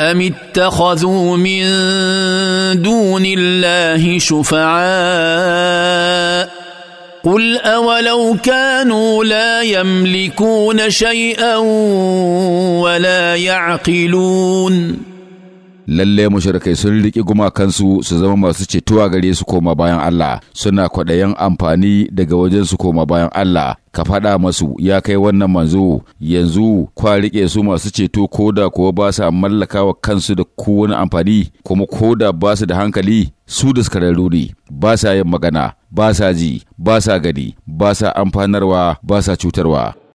أم اتخذوا من دون الله شفعاء قل أولو كانوا لا يملكون شيئا ولا يعقلون lalle mushrikai sun riƙi gumakansu su zama masu cetuwa gare su koma bayan Allah suna kwaɗayin amfani daga wajen su koma bayan Allah ka faɗa masu ya kai wannan manzo yanzu kwa riƙe su masu ceto ko da kuwa ba sa mallaka kansu da kowane amfani kuma ko da ba su da hankali su da ne ba sa yin magana ba sa ji ba sa gani ba sa amfanarwa ba sa cutarwa